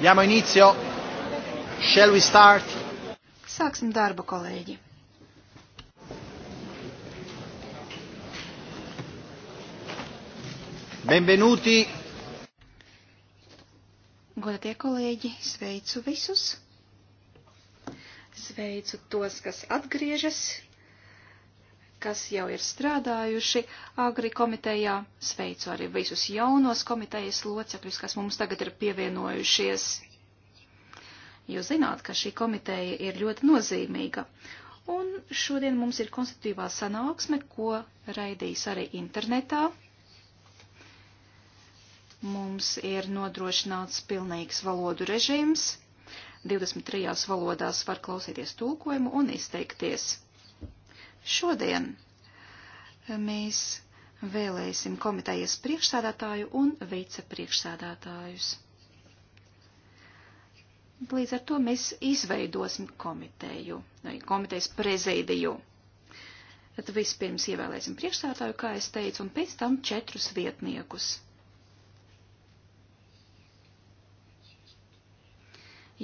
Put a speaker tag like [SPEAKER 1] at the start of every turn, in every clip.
[SPEAKER 1] Diamo inizio. Shall we start? Sāksim darbu, kolēģi.
[SPEAKER 2] Benvenuti.
[SPEAKER 1] Godatie kolēģi, sveicu visus. Sveicu tos, kas atgriežas kas jau ir strādājuši agri komitejā. Sveicu arī visus jaunos komitejas locekļus, kas mums tagad ir pievienojušies. Jūs zināt, ka šī komiteja ir ļoti nozīmīga. Un šodien mums ir konstitutīvā sanāksme, ko raidīs arī internetā. Mums ir nodrošināts pilnīgs valodu režīms. 23 valodās var klausīties tulkojumu un izteikties. Šodien mēs vēlēsim komitejas priekšsādātāju un vicepriekšsādātājus. Līdz ar to mēs izveidosim komiteju, komitejas prezidiju. Tad vispirms ievēlēsim priekšsādātāju, kā es teicu, un pēc tam četrus vietniekus.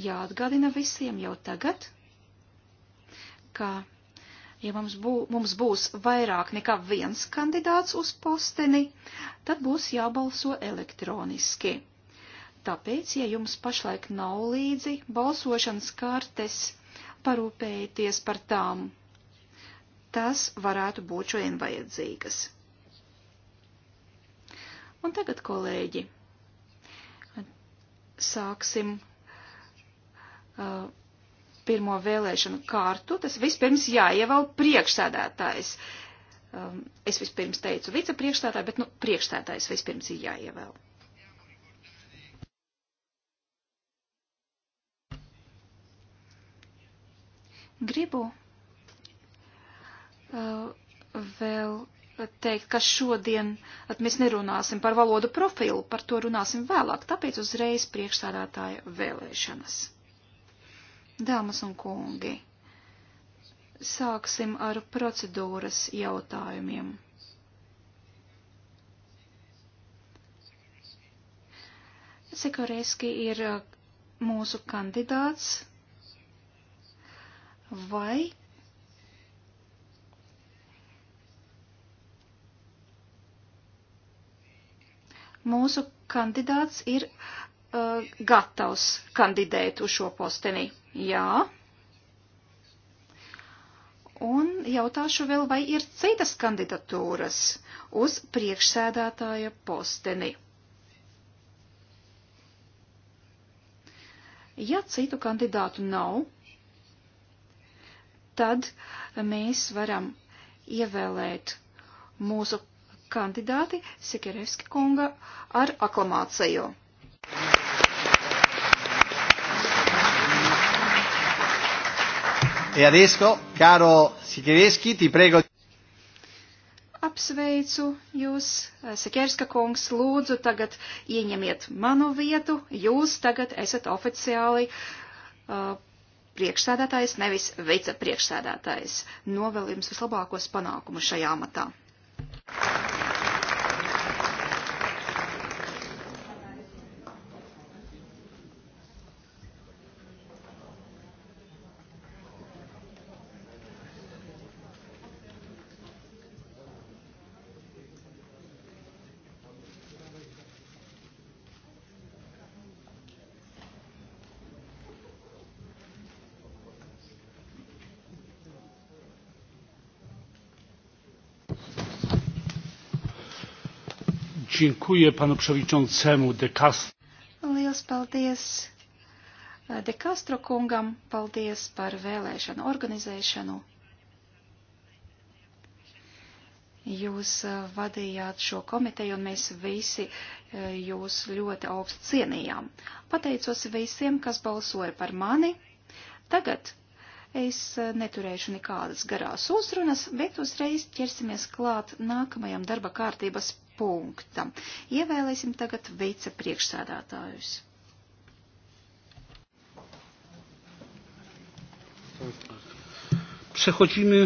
[SPEAKER 1] Jāatgādina visiem jau tagad, ka Ja mums, bū, mums būs vairāk nekā viens kandidāts uz posteni, tad būs jābalso elektroniski. Tāpēc, ja jums pašlaik nav līdzi balsošanas kartes, parūpējieties par tām. Tas varētu būt šodien vajadzīgas. Un tagad, kolēģi, sāksim. Uh, pirmo vēlēšanu kārtu, tas vispirms jāievēl priekšsēdētājs. Um, es vispirms teicu vicepriekšsēdētāju, bet nu, priekšsēdētājs vispirms ir jāievēl. Gribu uh, vēl teikt, ka šodien mēs nerunāsim par valodu profilu, par to runāsim vēlāk, tāpēc uzreiz priekšsādātāja vēlēšanas. Dāmas un kungi, sāksim ar procedūras jautājumiem. Sikoreski ir uh, mūsu kandidāts vai mūsu kandidāts ir uh, gatavs kandidēt uz šo posteni. Jā. Un jautāšu vēl, vai ir citas kandidatūras uz priekšsēdētāja posteni. Ja citu kandidātu nav, tad mēs varam ievēlēt mūsu kandidāti Sikerevski kunga ar aklamāciju.
[SPEAKER 2] E adesso, caro Sikerski, ti prego.
[SPEAKER 1] Apsveicu jūs, eh, Sikerska kungs, lūdzu tagad ieņemiet manu vietu. Jūs tagad esat oficiāli uh, priekšsēdētājs, nevis vicepriekšsēdētājs. Novēlu jums vislabākos panākumus šajā matā.
[SPEAKER 2] Dziękuję panu przewodniczącemu De Castro.
[SPEAKER 1] Liels paldies eh, De Castro kungam, paldies par vēlēšanu organizēšanu. Jūs eh, vadījāt šo komiteju un mēs visi eh, jūs ļoti augstu cienījām. Pateicos visiem, kas balsoja par mani. Tagad es neturēšu nekādas garās uzrunas, bet uzreiz ķersimies klāt nākamajam darba kārtības punkta. Ievēlēsim tagad vicepriekšsādātājus.
[SPEAKER 2] Przechodzimy.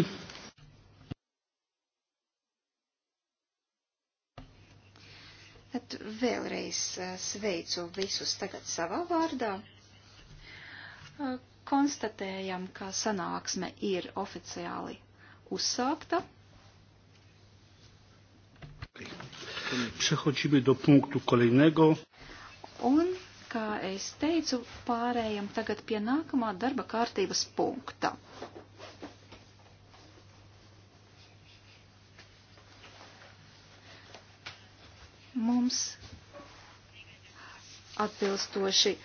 [SPEAKER 1] Tad vēlreiz eh, sveicu visus tagad savā vārdā. Eh, konstatējam, ka sanāksme ir oficiāli uzsākta.
[SPEAKER 2] Przechodzimy do punktu kolejnego.
[SPEAKER 1] Un, kā es teicu, pārējam tagad pie nākamā darba kārtības punkta. Mums atbilstoši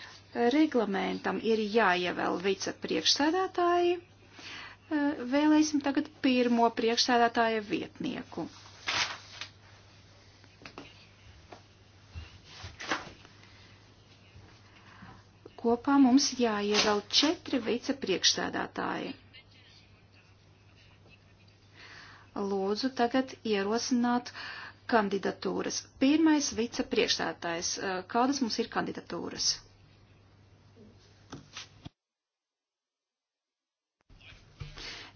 [SPEAKER 1] reglamentam ir jāievēl vicepriekšsēdētāji. Vēlēsim tagad pirmo priekšsēdētāja vietnieku. kopā mums jāievēl četri vicepriekšsēdētāji. Lūdzu tagad ierosināt kandidatūras. Pirmais vicepriekšsēdētājs. Eh, kādas mums ir kandidatūras?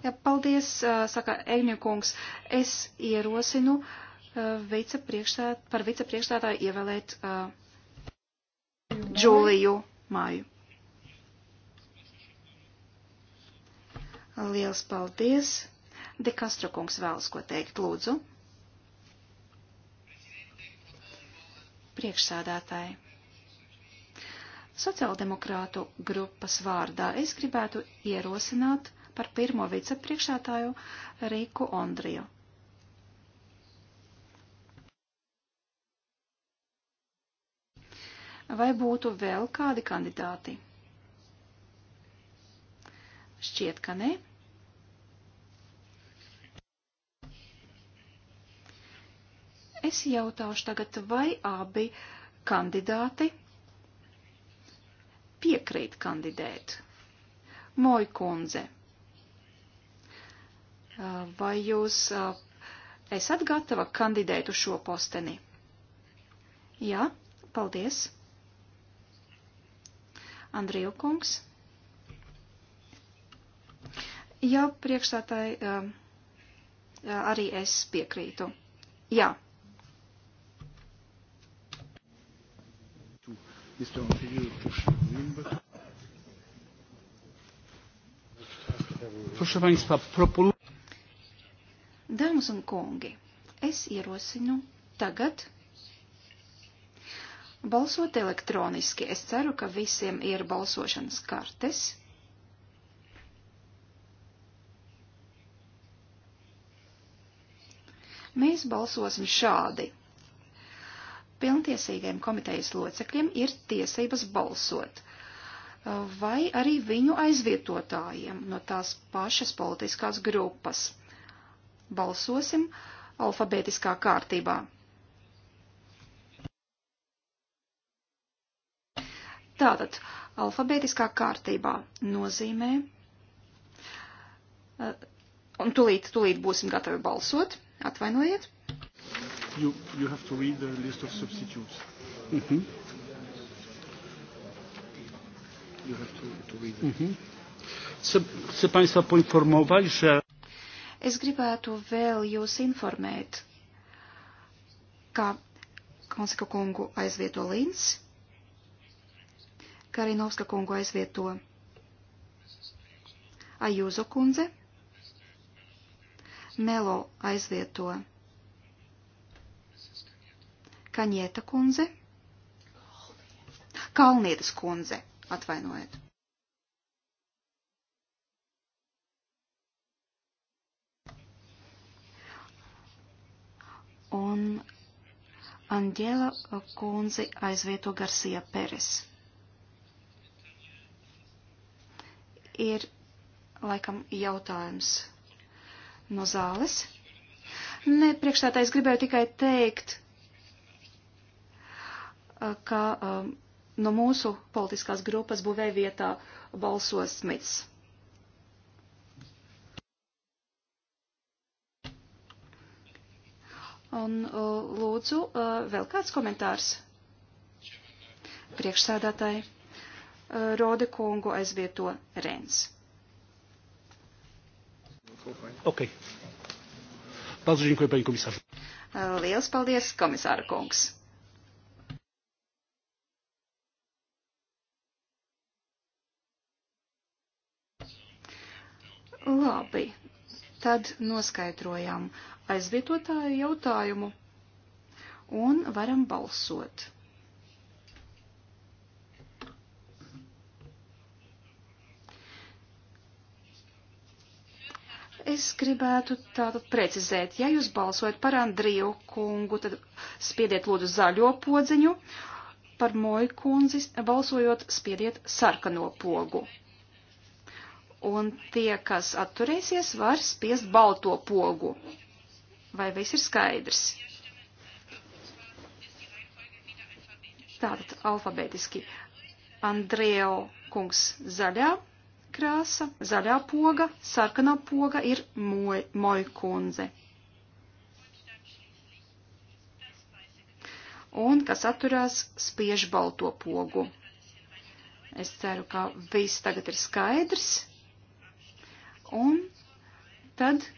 [SPEAKER 1] Ja, paldies, eh, saka Egņukungs. Es ierosinu eh, vicepriekšsēd, par vicepriekšsēdētāju ievēlēt uh, Džuliju. Uh, māju. Liels paldies! De Castro kungs vēlas ko teikt, lūdzu. Priekšsādātāji. Sociāldemokrātu grupas vārdā es gribētu ierosināt par pirmo vicepriekšētāju Rīku Ondriju. Vai būtu vēl kādi kandidāti? Šķiet, ka nē. Es jautāšu tagad, vai abi kandidāti piekrīt kandidēt. Moj kundze, vai jūs eh, esat gatava kandidēt uz šo posteni? Jā, paldies. Andriju kungs. Jā, priekšstātāji, arī es piekrītu. Jā.
[SPEAKER 2] Mr. Antonio Pushwimber. Proszę Państwa, proponuję.
[SPEAKER 1] Dāmas un kungi, es ierosinu tagad balsot elektroniski. Es ceru, ka visiem ir balsošanas kartes. Mēs balsosim šādi. Pilntiesīgiem komitejas locekļiem ir tiesības balsot, vai arī viņu aizvietotājiem no tās pašas politiskās grupas. Balsosim alfabētiskā kārtībā. Tātad alfabētiskā kārtībā nozīmē, eh, un tulīt, tulīt būsim gatavi balsot, atvainojiet.
[SPEAKER 2] You, you have to read the list of substitutes. Mm -hmm. You have to, to read it. Mm -hmm. Chcę, chcę Państwa poinformować, że...
[SPEAKER 1] Es gribētu vēl jūs informēt, ka Konsika kungu aizvieto Lins Karinovska kungu aizvieto Ajūzo kundze, Melo aizvieto Kaņieta kundze, Kalnietas kundze, atvainojiet. Un Anģela kundzi aizvieto Garcia Peres. ir laikam jautājums no zāles. Nē, priekšstādā es gribēju tikai teikt, eh, ka um, no mūsu politiskās grupas buvē vietā balsos Smits. Un eh, lūdzu, vēl kāds komentārs priekšsēdētāji? Rode kungu aizvieto Rens.
[SPEAKER 2] Okay. Bardzo dziękuję, pani komisarz.
[SPEAKER 1] Liels paldies, komisāra kungs. Labi, tad noskaidrojam aizvietotāju jautājumu un varam balsot. Es gribētu tātad precizēt, ja jūs balsojat par Andriju kungu, tad spiediet lūdzu zaļo podziņu, par moju kundzi balsojot spiediet sarkano pogu. Un tie, kas atturēsies, var spiest balto pogu. Vai viss ir skaidrs? Tātad alfabētiski. Andrēo kungs zaļā, krāsa, zaļā poga, sarkanā poga ir moj, mojkundze. Un kas atturās spiež balto pogu. Es ceru, ka viss tagad ir skaidrs. Un tad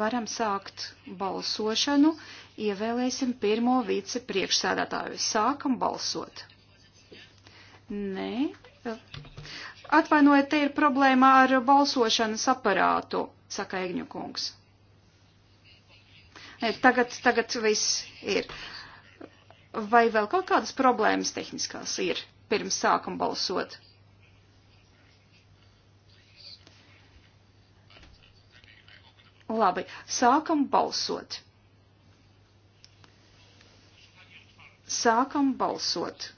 [SPEAKER 1] varam sākt balsošanu. Ievēlēsim pirmo vice priekšsēdētāju. Sākam balsot. Nē, Atvainojiet, te ir problēma ar balsošanas aparātu, saka Egņu kungs. Nē, tagad, tagad viss ir. Vai vēl kaut kādas problēmas tehniskās ir pirms sākam balsot? Labi, sākam balsot. Sākam balsot.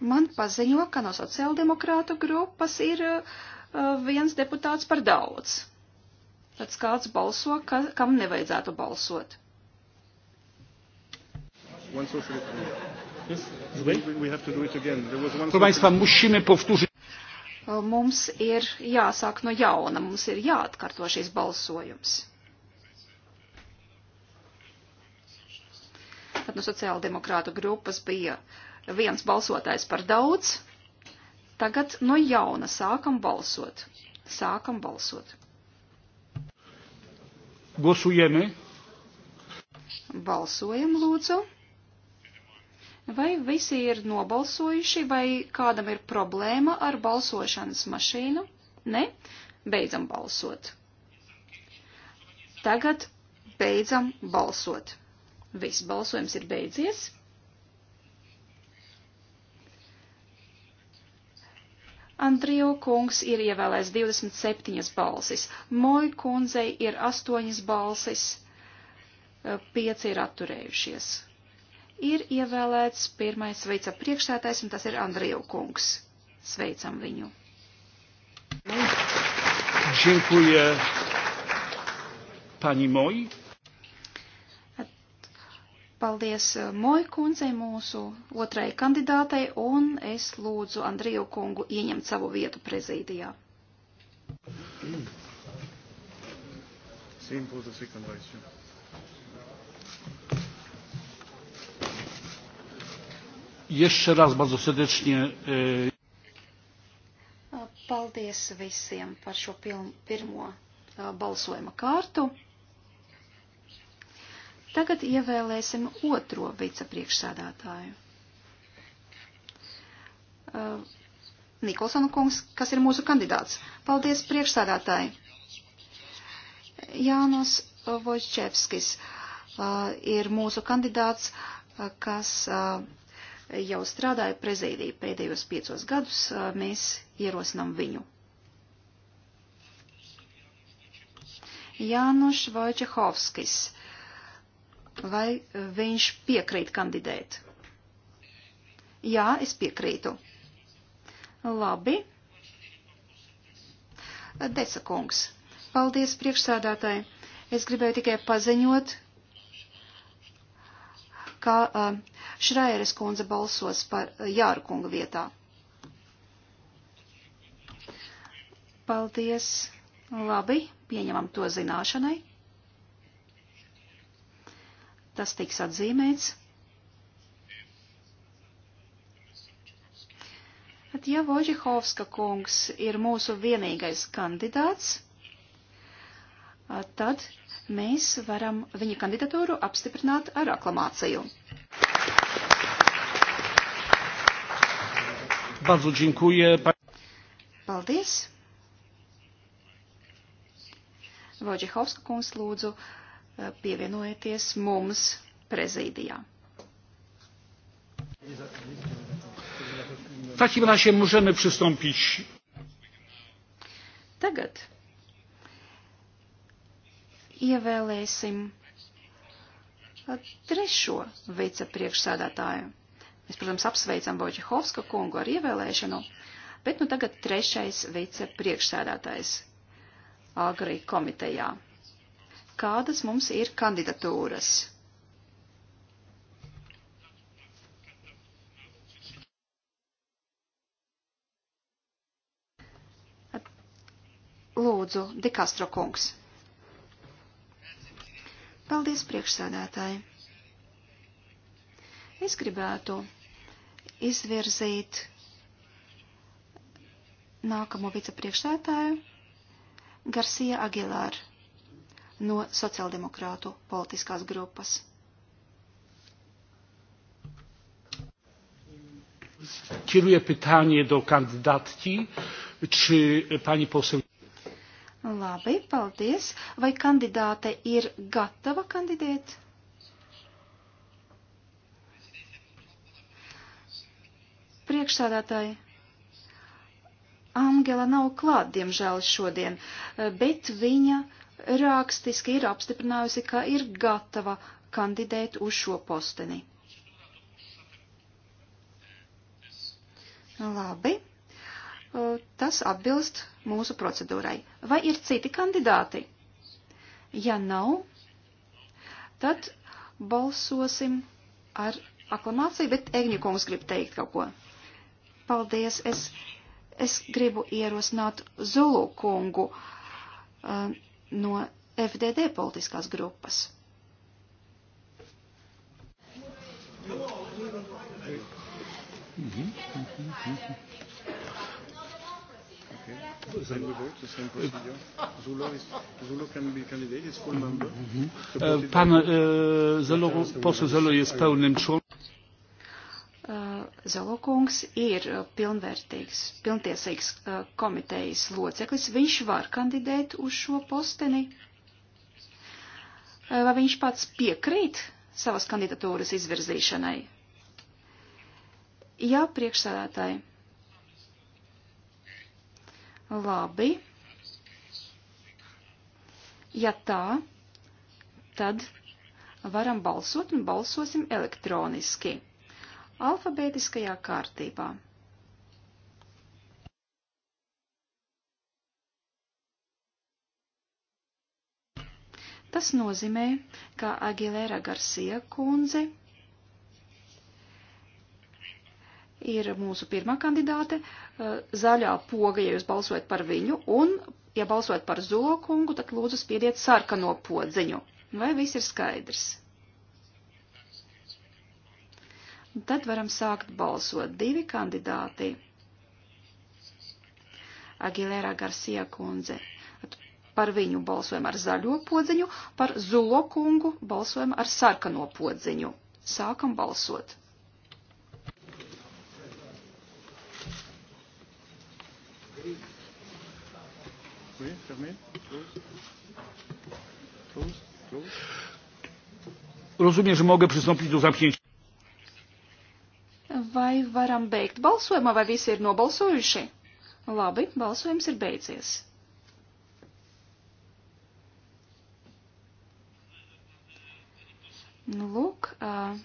[SPEAKER 1] Man paziņo, ka no sociāldemokrātu grupas ir uh, viens deputāts par daudz. Tad kāds balso, ka, kam nevajadzētu balsot.
[SPEAKER 2] Proszę Państwa, musimy powtórzyć.
[SPEAKER 1] Uh, mums ir jāsāk no jauna, mums ir jāatkārto šis balsojums. Tad no sociāldemokrātu grupas bija uh, viens balsotājs par daudz. Tagad no jauna sākam balsot. Sākam balsot.
[SPEAKER 2] Głosujemy.
[SPEAKER 1] Balsojam, lūdzu. Vai visi ir nobalsojuši, vai kādam ir problēma ar balsošanas mašīnu? Ne? Beidzam balsot. Tagad beidzam balsot. Viss balsojums ir beidzies. Andriju kungs ir ievēlēts 27 balsis, Moju kundzei ir 8 balsis, 5 ir atturējušies. Ir ievēlēts pirmais sveica priekšsētājs, un tas ir Andriju kungs. Sveicam viņu.
[SPEAKER 2] Dziękuję pani
[SPEAKER 1] Moi. Paldies eh, Moja kundzei, mūsu otrai kandidātei, un es lūdzu Andriju kungu ieņemt savu vietu prezīdijā.
[SPEAKER 2] Simple the second vice. Jeszcze raz bardzo serdecznie. E,
[SPEAKER 1] Paldies visiem par šo piln, pirmo e, balsojuma kārtu. Tagad ievēlēsim otro vicepriekšsēdētāju. Uh, Nikolsona kungs, kas ir mūsu kandidāts. Paldies priekšsādātāji. Jānos Vojčevskis uh, ir mūsu kandidāts, uh, kas uh, jau strādāja prezīdiju pēdējos piecos gadus. Uh, mēs ierosinām viņu. Jānos Vojčehovskis vai viņš piekrīt kandidēt. Jā, es piekrītu. Labi. Desa kungs. Paldies priekšsādātāji. Es gribēju tikai paziņot, ka uh, Šraieres kundze balsos par uh, Jāru kunga vietā. Paldies. Labi, pieņemam to zināšanai. Tas tiks atzīmēts. Bet ja Vožihovska kungs ir mūsu vienīgais kandidāts, tad mēs varam viņa kandidatūru apstiprināt ar aklamāciju. Paldies! Vožihovska kungs lūdzu Eh, pievienojieties mums prezīdijā.
[SPEAKER 2] W takim razie
[SPEAKER 3] możemy przystąpić.
[SPEAKER 1] Tagad ievēlēsim eh, trešo vicepriekšsādātāju. Mēs, protams, apsveicam Boģehovska kungu ar ievēlēšanu, bet nu tagad trešais vicepriekšsādātājs Agri komitejā kādas mums ir kandidatūras. Lūdzu, Dikastro kungs. Paldies, priekšsēdētāji. Es gribētu izvirzīt nākamo vicepriekšsētāju Garcia Aguilar no sociāldemokrātu politiskās grupas.
[SPEAKER 2] Kieruję pytanie do kandydatki, czy pani poseł.
[SPEAKER 1] Labi, paldies. Vai kandidāte ir gatava kandidēt? Priekšsādātāji, Angela nav klāt, diemžēl, šodien, bet viņa uh, rakstiski ir apstiprinājusi, ka ir gatava kandidēt uz šo posteni. Labi. Tas atbilst mūsu procedūrai. Vai ir citi kandidāti? Ja nav, tad balsosim ar aklamāciju, bet Egņikungs grib teikt kaut ko. Paldies, es, es gribu ierosināt Zulu kungu. Uh, no FDD politiskās grupas. Mhm. Mhm.
[SPEAKER 2] E, pan e, poseł Zelo jest pełnym członkiem.
[SPEAKER 1] Zolokungs ir uh, pilnvērtīgs, pilntiesīgs uh, komitejas loceklis. Viņš var kandidēt uz šo posteni. Uh, vai viņš pats piekrīt savas kandidatūras izvirzīšanai? Jā, priekšsādātāji. Labi. Ja tā, tad varam balsot un balsosim elektroniski alfabētiskajā kārtībā. Tas nozīmē, ka Agilera Garcia kundze ir mūsu pirmā kandidāte, eh, zaļā poga, ja jūs balsojat par viņu, un, ja balsojat par Zulo kungu, tad lūdzu spiediet sarkano podziņu. Vai viss ir skaidrs? Un tad varam sākt balsot. Divi kandidāti. Agilērā Garcia kundze. Par viņu balsojam ar zaļo podziņu, par Zulo kungu balsojam ar sarkano podziņu. Sākam balsot.
[SPEAKER 2] Oui, fermé. Close. Close. Close. Rozumiem, że mogę przystąpić do zamknięcia.
[SPEAKER 1] Vai varam beigt balsojumā, vai visi ir nobalsojuši? Labi, balsojums ir beidzies. Nu, lūk, uh,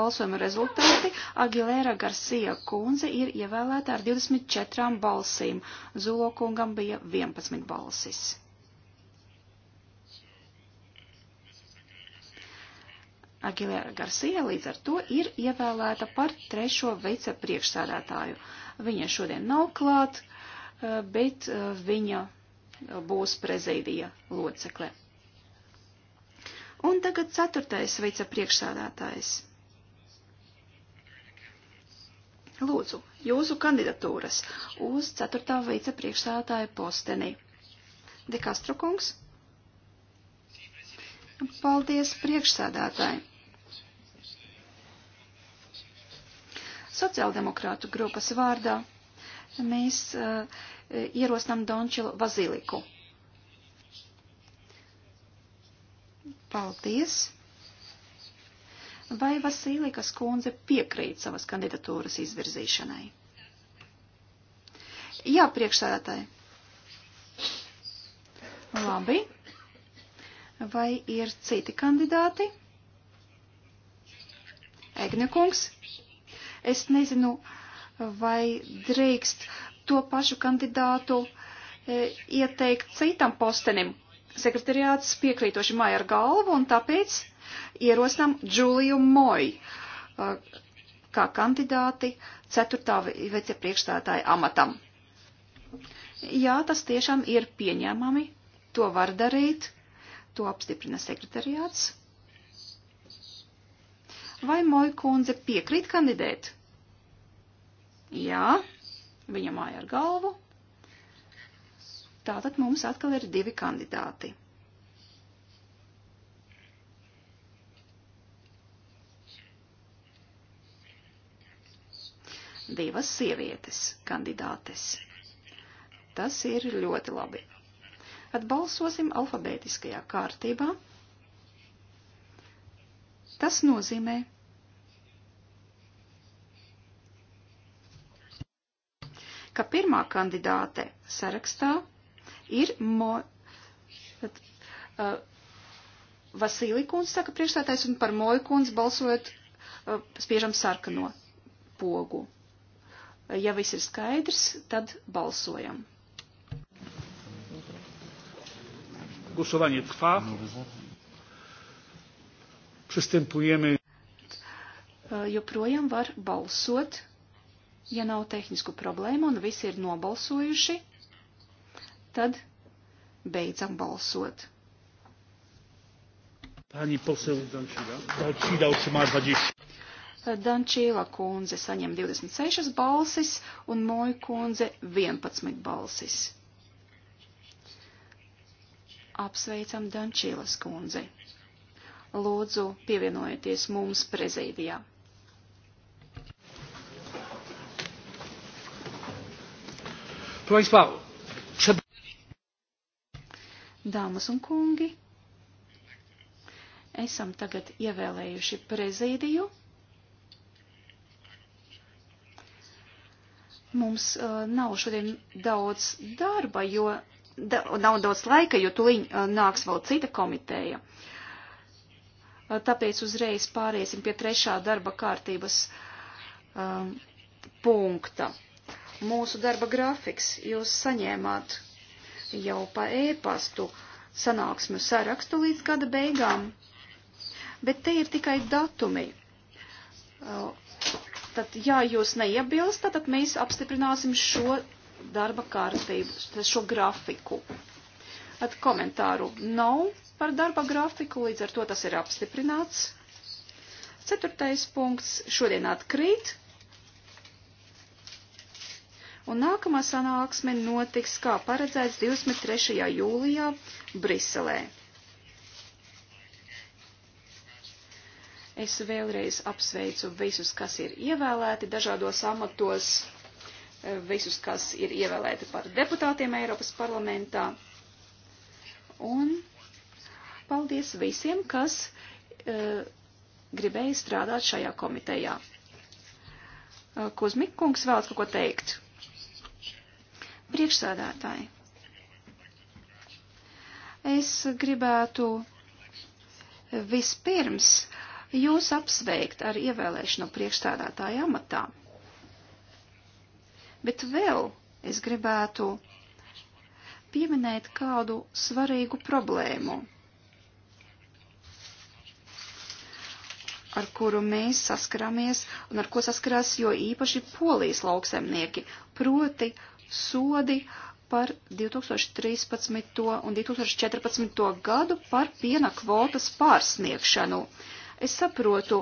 [SPEAKER 1] balsojuma rezultāti. Agilēra Garcia kundze ir ievēlēta ar 24 balsīm. Zulo kungam bija 11 balsis. Agilera Garcia līdz ar to ir ievēlēta par trešo veica priekšsādātāju. Viņa šodien nav klāt, eh, bet eh, viņa būs prezidija locekle. Un tagad ceturtais veica priekšsādātājs. Lūdzu, jūsu kandidatūras uz ceturtā veica priekšsādātāja posteni. Dekastro kungs. Paldies priekšsādātājiem. Sociāldemokrātu grupas vārdā mēs uh, eh, ierosinām Dončilu Vaziliku. Paldies! Vai Vasīlikas kundze piekrīt savas kandidatūras izvirzīšanai? Jā, priekšsēdētāji. Labi. Vai ir citi kandidāti? Egnekungs. Es nezinu, vai drīkst to pašu kandidātu e, ieteikt citam postenim. Sekretariāts piekrītoši māja ar galvu un tāpēc ierosinām Džuliju Moju e, kā kandidāti ceturtā vicepriekšstādāja amatam. Jā, tas tiešām ir pieņēmami, to var darīt, to apstiprina sekretariāts. Vai Moja kundze piekrīt kandidēt? Jā, viņa māja ar galvu. Tātad mums atkal ir divi kandidāti. Divas sievietes kandidātes. Tas ir ļoti labi. Atbalsosim alfabētiskajā kārtībā. Tas nozīmē, ka pirmā kandidāte sarakstā ir Mo, tad, uh, Vasīli kundze, saka priekšstādājs, un par Moju kundze balsojot uh, spiežam sarkano pogu. Uh, ja viss ir skaidrs, tad balsojam.
[SPEAKER 2] Głosowanie trwa.
[SPEAKER 3] Przystępujemy.
[SPEAKER 1] Uh, joprojām var balsot. Ja nav tehnisku problēmu un visi ir nobalsojuši, tad beidzam balsot.
[SPEAKER 2] Pani poseł Dančīla otrzymała 20.
[SPEAKER 1] Dančīla kundze saņem 26 balsis un Moja kundze 11 balsis. Apsveicam Dančīlas kundzi. Lūdzu, pievienojieties mums prezidijā. Proszę Państwa, przed... Dāmas un kungi, esam tagad ievēlējuši prezidiju. Mums uh, nav šodien daudz darba, jo da, nav daudz laika, jo tuliņ uh, nāks vēl cita komiteja. Uh, tāpēc uzreiz pāriesim pie trešā darba kārtības uh, punkta. Uh, mūsu darba grafiks. Jūs saņēmāt jau pa ēpastu sanāksmu sarakstu līdz gada beigām, bet te ir tikai datumi. Tad, ja jūs neiebilstat, tad mēs apstiprināsim šo darba kārtību, šo grafiku. At komentāru nav par darba grafiku, līdz ar to tas ir apstiprināts. Ceturtais punkts šodien atkrīt, Un nākamā sanāksme notiks, kā paredzēts, 23. jūlijā Briselē. Es vēlreiz apsveicu visus, kas ir ievēlēti dažādos amatos, visus, kas ir ievēlēti par deputātiem Eiropas parlamentā. Un paldies visiem, kas uh, gribēja strādāt šajā komitejā. Uh, Kuzmik kungs vēlas kaut ko teikt. Priekšsēdētāji, es gribētu vispirms jūs apsveikt ar ievēlēšanu priekšstādātāja amatā. Bet vēl es gribētu pieminēt kādu svarīgu problēmu, ar kuru mēs saskaramies un ar ko saskarās jo īpaši polijas lauksemnieki, proti sodi par 2013. un 2014. gadu par piena kvotas pārsniegšanu. Es saprotu,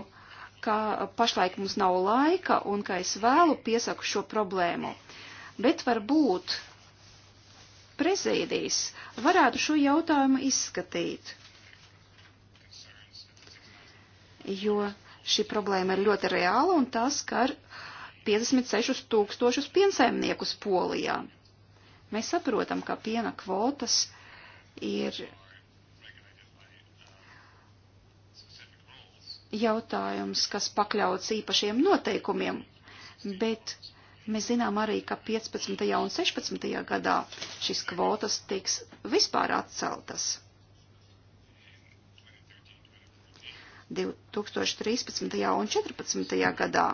[SPEAKER 1] ka pašlaik mums nav laika un ka es vēlu piesaku šo problēmu, bet varbūt prezēdijas varētu šo jautājumu izskatīt, jo šī problēma ir ļoti reāla un tas skar uh, 56 tūkstošus piensaimniekus Polijā. Mēs saprotam, ka piena kvotas ir jautājums, kas pakļauts īpašiem noteikumiem, bet mēs zinām arī, ka 15. un 16. gadā šīs kvotas tiks vispār atceltas. 2013. un 2014. gadā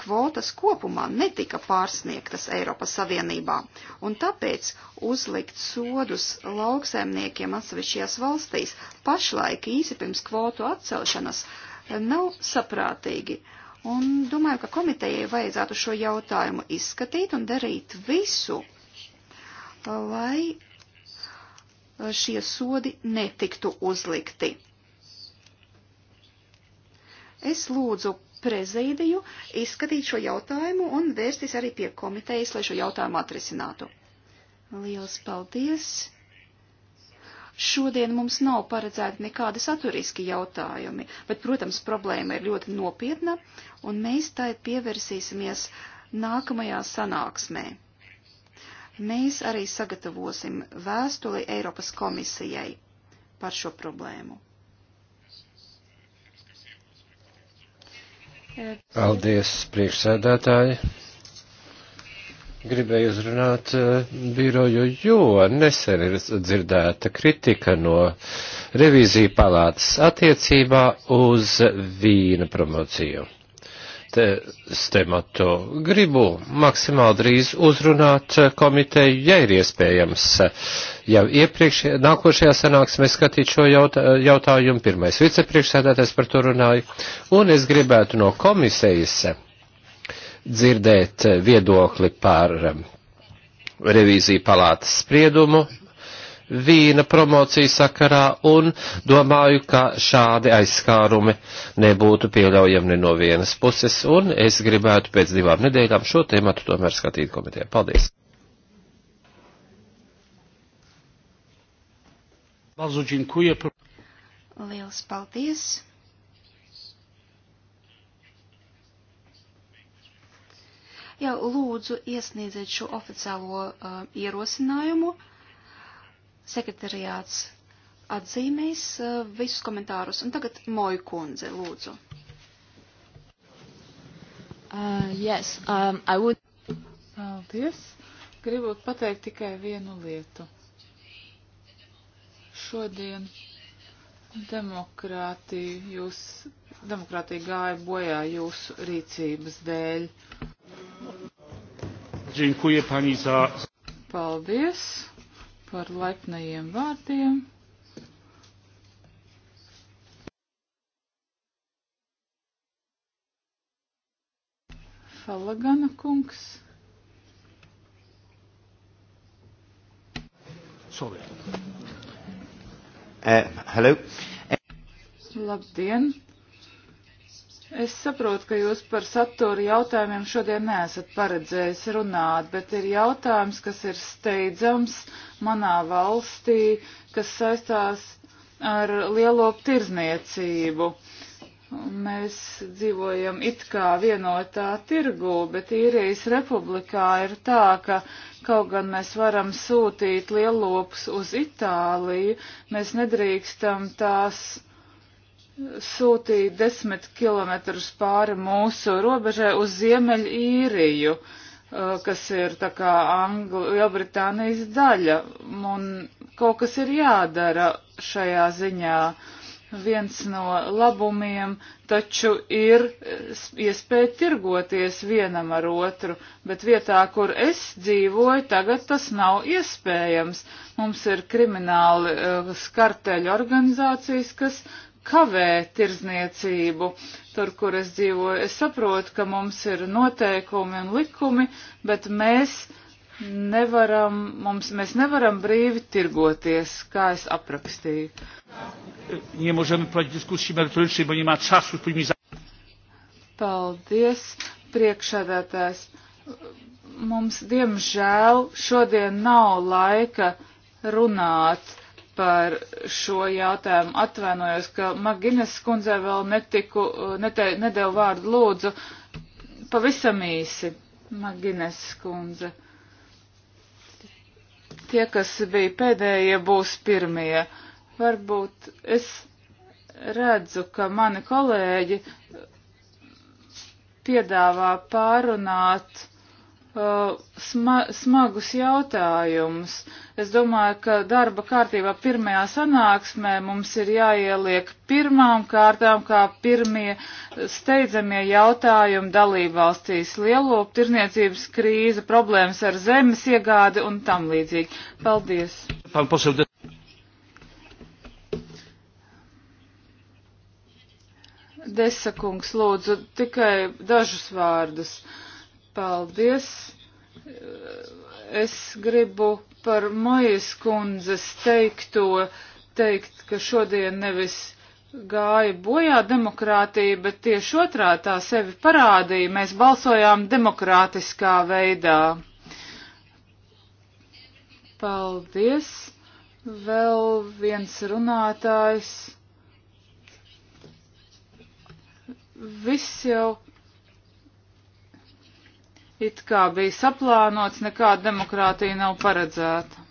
[SPEAKER 1] kvotas kopumā netika pārsniegtas Eiropas Savienībā, un tāpēc uzlikt sodus lauksēmniekiem atsevišķajās valstīs pašlaik īsi pirms kvotu atcelšanas nav saprātīgi. Un domāju, ka komitejai vajadzētu šo jautājumu izskatīt un darīt visu, lai šie sodi netiktu uzlikti. Es lūdzu prezidiju izskatīt šo jautājumu un vērsties arī pie komitejas, lai šo jautājumu atrisinātu. Liels paldies! Šodien mums nav paredzēti nekādi saturiski jautājumi, bet, protams, problēma ir ļoti nopietna, un mēs tai pievērsīsimies nākamajā sanāksmē. Mēs arī sagatavosim vēstuli Eiropas komisijai par šo problēmu.
[SPEAKER 2] Paldies, priekšsēdētāji. Gribēju uzrunāt eh, biroju, jo nesen ir dzirdēta kritika no revīzija palātas attiecībā uz vīna promociju tematu. Gribu maksimāli drīz uzrunāt eh, komiteju, ja ir iespējams, jau iepriekš, nākošajā sanāksmē skatīt šo jautājumu. Pirmais vicepriekšsēdētājs par to runāja. Un es gribētu no komisijas dzirdēt viedokli par revīziju palātas spriedumu vīna promociju sakarā un domāju, ka šādi aizskārumi nebūtu pieļaujami ne no vienas puses un es gribētu pēc divām nedēļām šo tēmatu tomēr skatīt komitē. Paldies!
[SPEAKER 1] Liels paldies! jau lūdzu iesniedziet šo oficiālo uh, ierosinājumu. Sekretariāts atzīmēs uh, visus komentārus. Un tagad Moja kundze, lūdzu.
[SPEAKER 3] Uh, yes, um, I would... Paldies. Gribu pateikt tikai vienu lietu. Šodien demokrātija, jūs, demokrātija gāja bojā jūsu rīcības dēļ.
[SPEAKER 2] Dziękuję pani za.
[SPEAKER 3] Paldies par lepnajiem vārdiem. Falagana kungs.
[SPEAKER 2] Sorry. Uh, hello.
[SPEAKER 3] Labdien! Es saprotu, ka jūs par satura jautājumiem šodien neesat paredzējis runāt, bet ir jautājums, kas ir steidzams manā valstī, kas saistās ar lielo tirzniecību. Mēs dzīvojam it kā vienotā tirgū, bet īrijas republikā ir tā, ka kaut gan mēs varam sūtīt lielopus uz Itāliju, mēs nedrīkstam tās sūtīja desmit kilometrus pāri mūsu robežai uz Ziemeļīriju, uh, kas ir tā kā Lielbritānijas daļa, un kaut kas ir jādara šajā ziņā. Viens no labumiem taču ir iespēja tirgoties vienam ar otru, bet vietā, kur es dzīvoju, tagad tas nav iespējams. Mums ir krimināli uh, skarteļu organizācijas, kas kavē tirzniecību. Tur, kur es dzīvoju, es saprotu, ka mums ir noteikumi un likumi, bet mēs nevaram, mums, mēs nevaram brīvi tirgoties, kā es aprakstīju. Paldies, priekšādātājs. Mums, diemžēl, šodien nav laika runāt par šo jautājumu. Atvainojos, ka Maginas kundzē vēl netiku, nete, nedēvu vārdu lūdzu. Pavisam īsi, Maginas kundze. Tie, kas bija pēdējie, būs pirmie. Varbūt es redzu, ka mani kolēģi piedāvā pārunāt Eh, sma smagus jautājumus. Es domāju, ka darba kārtībā pirmajā sanāksmē mums ir jāieliek pirmām kārtām kā pirmie steidzamie jautājumi dalībvalstīs - lielo tirniecības krīze, problēmas ar zemes iegādi un tam līdzīgi. Paldies! Desakungs, lūdzu, tikai dažus vārdus. Uh, Paldies! Es gribu par Maijas kundzes teikto teikt, ka šodien nevis gāja bojā demokrātija, bet tieši otrā tā sevi parādīja. Mēs balsojām demokrātiskā veidā. Paldies! Vēl viens runātājs. Viss jau it kā bija saplānots, nekāda demokrātija nav paredzēta.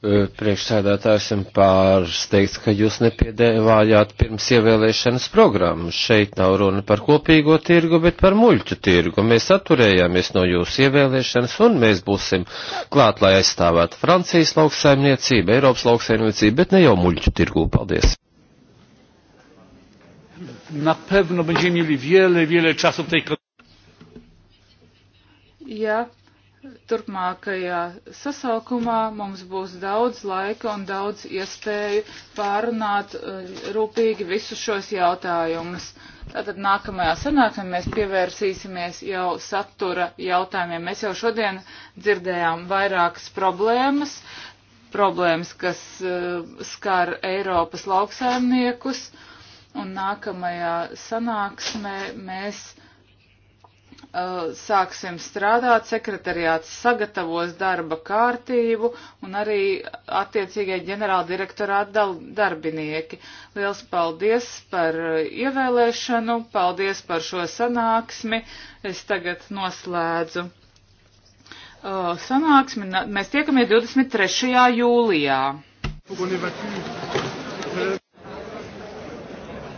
[SPEAKER 2] Priekšsēdētājs ir pārsteigts, ka jūs nepiedēvājāt pirms ievēlēšanas programmu. Šeit nav runa par kopīgo tirgu, bet par muļķu tirgu. Mēs atturējāmies no jūsu ievēlēšanas un mēs būsim klāt, lai aizstāvētu Francijas lauksaimniecību, Eiropas lauksaimniecību, bet ne jau muļķu tirgu. Paldies! Na pewno będziemy mieli wiele, wiele czasu tej
[SPEAKER 3] ja turpmākajā sasaukumā mums būs daudz laika un daudz iespēju pārunāt eh, rūpīgi visus šos jautājumus. Tātad nākamajā sanāksmē mēs pievērsīsimies jau satura jautājumiem. Mēs jau šodien dzirdējām vairākas problēmas, problēmas, kas uh, skar Eiropas lauksaimniekus, un nākamajā sanāksmē mēs Uh, sāksim strādāt, sekretariāts sagatavos darba kārtību un arī attiecīgie ģenerāla direktorāta darbinieki. Liels paldies par uh, ievēlēšanu, paldies par šo sanāksmi. Es tagad noslēdzu uh, sanāksmi. Mēs tiekamies 23. jūlijā.